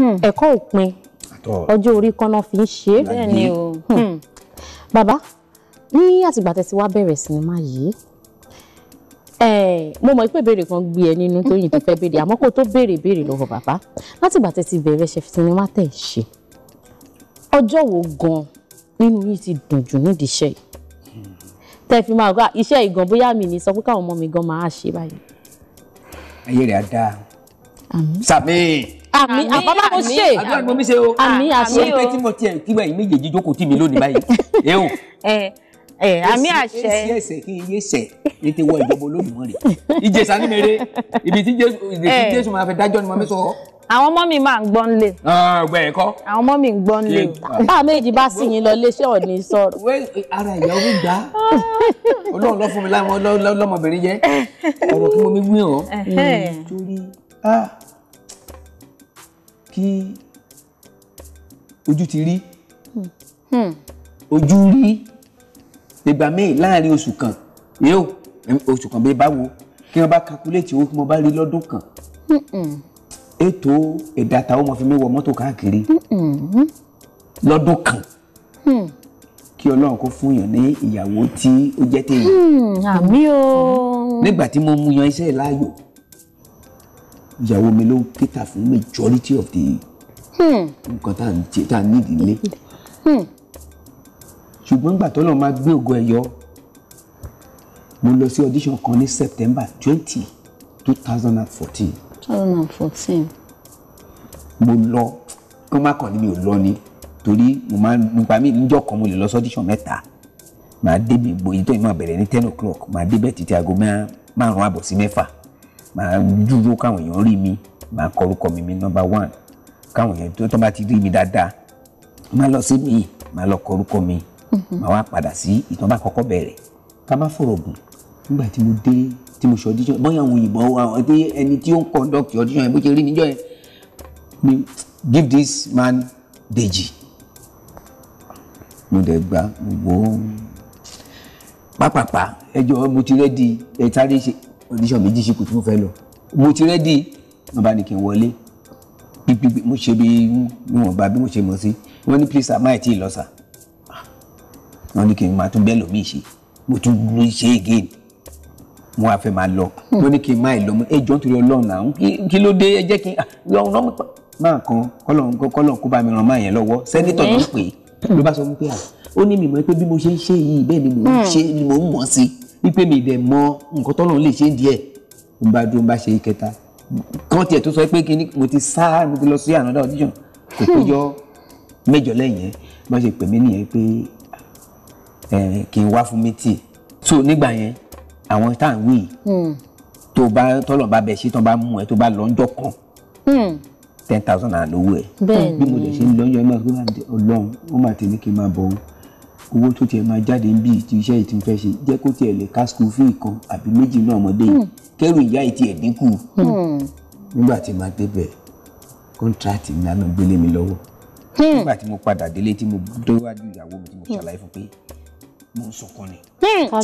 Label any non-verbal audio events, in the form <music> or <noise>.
Hmm. ẹ̀kọ́ òpin ọjọ́ orí kan náà fi ń ṣe é. bẹ́ẹ̀ ni o. Hmm. bàbá ní àtìgbà tẹ́tí wá bẹ̀rẹ̀ sinimá yìí mo mọ̀ pé béèrè kan gbé ẹ nínú Tóyìn tó fẹ́ béèrè àmọ́ kó tó béèrè béèrè lọ́wọ́ bàbá látìgbà tẹ́tí bẹ̀rẹ̀ ṣe sinimá tẹ̀ ṣe ọjọ́ wo gan nínú yìí ti dùn jù nídìí iṣẹ́ yìí tẹ́ fi máa gbà iṣẹ́ ìgàn bóyá mi ní sọ pé káwọn ọmọ mi gan máa ṣe báyìí. ayé rẹ̀ á dáa. àmín àmì àbábá mo ṣe àdúrà mo mi ṣe o àmì àṣẹ o mo fẹ́ tí mo tiẹ̀ kí wẹ̀yìn méjèèjì jókòó tì mí lónìí báyìí <laughs> ẹ o. ẹ àmì àṣẹ ẹ sí ẹsẹ kí iye ṣẹ ní ti wọ ìjọba Olódùmarè ìjẹsà ní mèrè ibi tí Jésù máa fẹ́ dájọ́ ni mo mi sọ àwọn ọmọ mi máa ń gbọ́ ń lè. Ah, ọgbẹ ẹkọ. àwọn ọmọ mi ń gbọ́ ń lè. bá a méjì bá sì yín lọ léṣẹ́ ọ̀ní sọ̀rọ̀. ara ìyá orí gbà á <laughs> ọlọ́run lọ fún mi lọ́mọbìnrin jẹ́ <laughs> ọ̀rọ̀ kí mo mi wí hàn. torí ah, tí ojú ti rí hmm. Hmm. ojú rí ìgbà míì láàrin oṣù kan yóò oṣù kan bíi báwo kí wọn bá kakuléètì owó kí wọn bá rí lọ́dún kan hmm. ètò ẹ̀dá táwọn ọmọ fi mi wọ mọ́tò káàkiri lọ́dún kan kí ọlọ́run kó fún yàn ní ìyàwó tí ó jẹ́ téèyàn. àmì o. nígbà tí mo mú yan iṣẹ́ láàyò ìyàwó mi ló ń cater fún majority of the hmm. nǹkan tá à ń jẹ tá à ń nídìí nílé hmm. ṣùgbọ́n gbà tó lọ́ọ́ máa gbé ògo ẹ̀ mo lọ sí audition kan ní September twenty two thousand and fourteen. two thousand and fourteen. mo lọ kí wọ́n má kàn ní mi ò lọ ni torí mo máa nípa mi níjọ́ kan mo lè lọ sí audition mẹ́ta màá débi gbòye tó yìí máa bẹ̀rẹ̀ ní ten o'clock màá débẹ̀ títí aago márùn-ún àbọ̀ sí mẹ́fà màá dúró káwọn èèyàn rí mi màá kọ orúkọ mi mi nọ́mbà one káwọn èèyàn tó tó bá ti rí mi dáadáa màá lọ sí mi màá lọ kọ orúkọ mi mm-hmm. màá wá padà sí ìtàn bá kọ́kọ́ bẹ̀rẹ̀ ká má fọ̀rọ̀ gùn nígbà tí mo dé tí mo ṣe audition bóyá àwọn òyìnbó àwọn tí ẹni tí ó ń conduct audition yẹn bó ṣe rí níjọ́ yẹn mi give this man Deji mo dẹ̀ gba gbogbo pápápá ẹjọ́ mo ti rẹ́ di ẹ̀ sáré ṣe audition méjì ṣe kù tí mo fẹ́ lọ mo ti rẹ́dí wọn bá ní kí n wọlé gbígbígbí mo ṣe bí níwọ̀nba bí mo ṣe mọ̀ sí wọ́n ní please àmáì tí ì lọ sà ah, wọ́n ní kí n máa tún bẹ́ẹ̀ lómi ṣe mo tún ló ṣe again mo wá fẹ́ máa lọ wọ́n ní kí n máa lọ ẹ jọ̀ọ́ nítorí ọlọ́run náà kí ló dé ẹ jẹ́ kí ah, ọ̀run náà máa kan kọ́lọ́run kọ́lọ́run kó bá mi ràn máa yẹn lọ́wọ́ sẹ́nítọ̀ ló pè é ló bá sọ wípé à ah, ó ní mi mọ̀ pé bí mo ṣe ń ṣe yìí bẹ́ẹ̀ ni mo ń hmm. ṣe ni mo ń mọ̀ sí i wípé mi dẹ̀ mọ nǹkan tọ́lọ́run lè ṣe ń díẹ̀ mo bá dúró mo bá ṣe ìkẹta kan tiẹ̀ tó sọ pé kí ni mo ti sá mo ti lọ sí another audition kò péjọ mẹ́jọ lẹ́yìn ẹ̀ bá ṣe pè mí nìyẹn pé kì í wá fún mi tì so nígbà yẹn àwọn tá à ń wí hmm. tó bá tọ́lọ̀ bá bẹ̀ ṣe tán bá mú ẹ tó bá lọ́njọ́ kan hmm. ten thousand naira lówó ẹ bí mo lè ṣe ń lọ́njọ́ ẹ máa ń ọlọ́run ó máa tẹ̀ ní kí n máa bọ̀ ọ́ owó tó tiẹ̀ máa jáde ń bí ti iṣẹ́ ìtì fẹ́ ṣe jẹ́ kó tiẹ̀ lè ká school fee kan àbí méjì náà ọmọdé yìí kẹ́rù ìyá ìtì ẹ̀ dínkù nígbà tí máa débẹ̀ kọ́ńtrátì mi àná gbélé mi lọ́wọ́ nígbà tí mo padà délé tí mo dọ́wájú ìyàwó mi tí mo ṣàlàyé fún pé mo ń sọkọ